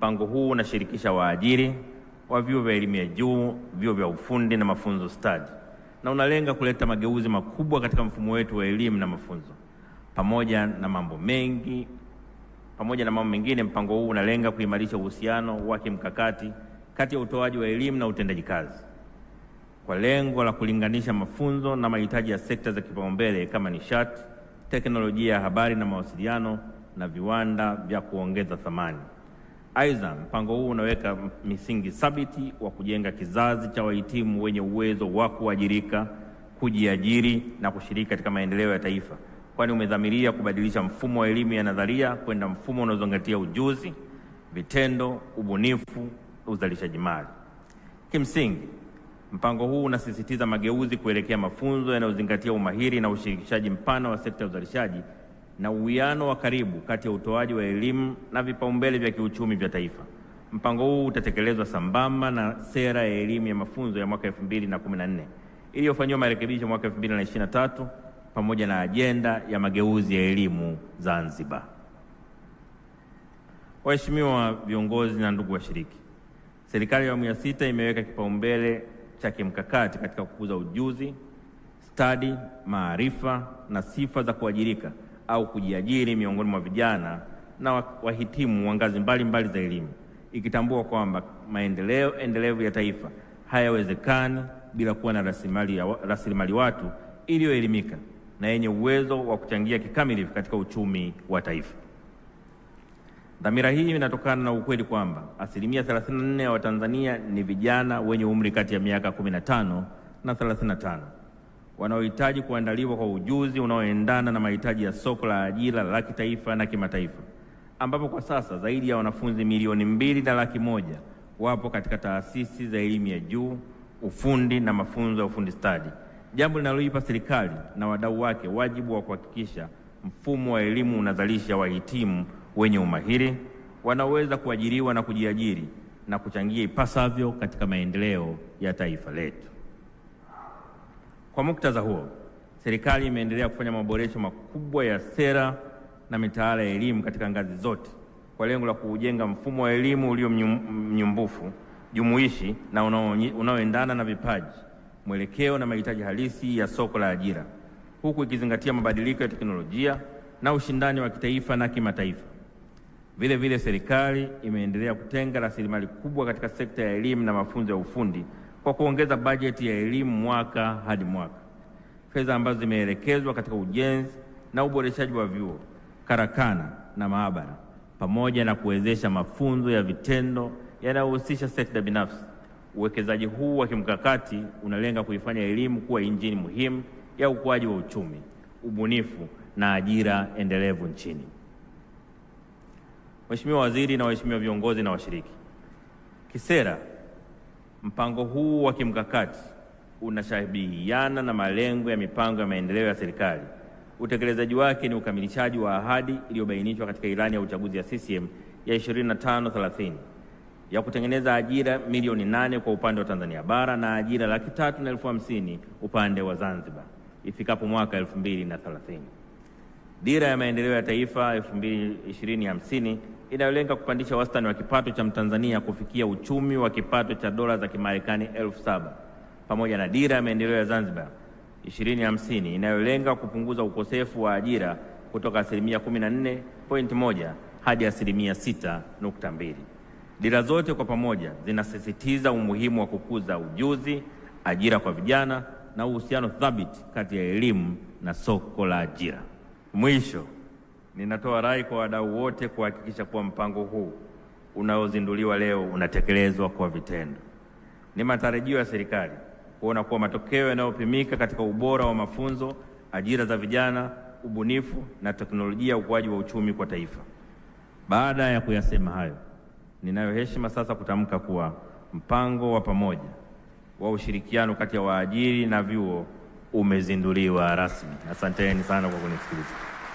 Mpango huu unashirikisha waajiri wa vyuo vya elimu ya juu, vyuo vya ufundi na mafunzo stadi, na unalenga kuleta mageuzi makubwa katika mfumo wetu wa elimu na mafunzo. Pamoja na mambo mengi, pamoja na mambo mengine, mpango huu unalenga kuimarisha uhusiano wa kimkakati kati ya utoaji wa elimu na utendaji kazi kwa lengo la kulinganisha mafunzo na mahitaji ya sekta za kipaumbele kama nishati, teknolojia ya habari na mawasiliano na viwanda vya kuongeza thamani. Aidha, mpango huu unaweka misingi thabiti wa kujenga kizazi cha wahitimu wenye uwezo wa kuajirika, kujiajiri na kushiriki katika maendeleo ya taifa, kwani umedhamiria kubadilisha mfumo wa elimu ya nadharia kwenda mfumo unaozingatia ujuzi, vitendo, ubunifu, uzalishaji mali. Kimsingi, mpango huu unasisitiza mageuzi kuelekea mafunzo yanayozingatia umahiri na ushirikishaji mpana wa sekta ya uzalishaji na uwiano wa karibu kati ya utoaji wa elimu na vipaumbele vya kiuchumi vya taifa. Mpango huu utatekelezwa sambamba na sera ya elimu ya mafunzo ya mwaka 2014 iliyofanyiwa marekebisho mwaka 2023 pamoja na ajenda ya mageuzi ya elimu Zanzibar. Waheshimiwa viongozi na ndugu washiriki, serikali ya awamu ya sita imeweka kipaumbele cha kimkakati katika kukuza ujuzi, stadi, maarifa na sifa za kuajirika au kujiajiri miongoni mwa vijana na wahitimu wa ngazi mbalimbali za elimu, ikitambua kwamba maendeleo endelevu ya taifa hayawezekani bila kuwa na rasilimali watu iliyoelimika na yenye uwezo wa kuchangia kikamilifu katika uchumi wa taifa. Dhamira hii inatokana na ukweli kwamba asilimia 34 ya Watanzania ni vijana wenye umri kati ya miaka 15 na 35 wanaohitaji kuandaliwa kwa ujuzi unaoendana na mahitaji ya soko la ajira la kitaifa na kimataifa, ambapo kwa sasa zaidi ya wanafunzi milioni mbili na laki moja wapo katika taasisi za elimu ya juu, ufundi na mafunzo ya ufundi stadi, jambo linaloipa serikali na wadau wake wajibu wa kuhakikisha mfumo wa elimu unazalisha wahitimu wenye umahiri wanaoweza kuajiriwa na kujiajiri na kuchangia ipasavyo katika maendeleo ya taifa letu. Kwa muktadha huo, serikali imeendelea kufanya maboresho makubwa ya sera na mitaala ya elimu katika ngazi zote kwa lengo la kujenga mfumo wa elimu ulio mnyumbufu, jumuishi na unaoendana na vipaji, mwelekeo na mahitaji halisi ya soko la ajira, huku ikizingatia mabadiliko ya teknolojia na ushindani wa kitaifa na kimataifa. Vile vile serikali imeendelea kutenga rasilimali kubwa katika sekta ya elimu na mafunzo ya ufundi kwa kuongeza bajeti ya elimu mwaka hadi mwaka, fedha ambazo zimeelekezwa katika ujenzi na uboreshaji wa vyuo, karakana na maabara, pamoja na kuwezesha mafunzo ya vitendo yanayohusisha sekta binafsi. Uwekezaji huu wa kimkakati unalenga kuifanya elimu kuwa injini muhimu ya ukuaji wa uchumi, ubunifu na ajira endelevu nchini. Mheshimiwa Waziri na waheshimiwa viongozi na washiriki, kisera Mpango huu wa kimkakati unashabihiana na malengo ya mipango ya maendeleo ya serikali. Utekelezaji wake ni ukamilishaji wa ahadi iliyobainishwa katika ilani ya uchaguzi ya CCM ya 2530 ya kutengeneza ajira milioni nane kwa upande wa Tanzania bara na ajira laki tatu na elfu hamsini upande wa Zanzibar ifikapo mwaka 2030. Dira ya maendeleo ya taifa 2020-2050 inayolenga kupandisha wastani wa kipato cha Mtanzania kufikia uchumi wa kipato cha dola za Kimarekani elfu saba pamoja na dira ya maendeleo ya Zanzibar 2050 inayolenga kupunguza ukosefu wa ajira kutoka asilimia 14.1 hadi asilimia 6.2. Dira zote kwa pamoja zinasisitiza umuhimu wa kukuza ujuzi, ajira kwa vijana na uhusiano thabiti kati ya elimu na soko la ajira. Mwisho, ninatoa rai kwa wadau wote kuhakikisha kuwa mpango huu unaozinduliwa leo unatekelezwa kwa vitendo. Ni matarajio ya serikali kuona kuwa matokeo yanayopimika katika ubora wa mafunzo, ajira za vijana, ubunifu na teknolojia ya ukuaji wa uchumi kwa taifa. Baada ya kuyasema hayo, ninayo heshima sasa kutamka kuwa mpango wa pamoja wa ushirikiano kati ya waajiri na vyuo umezinduliwa rasmi. Asanteni sana kwa kunisikiliza.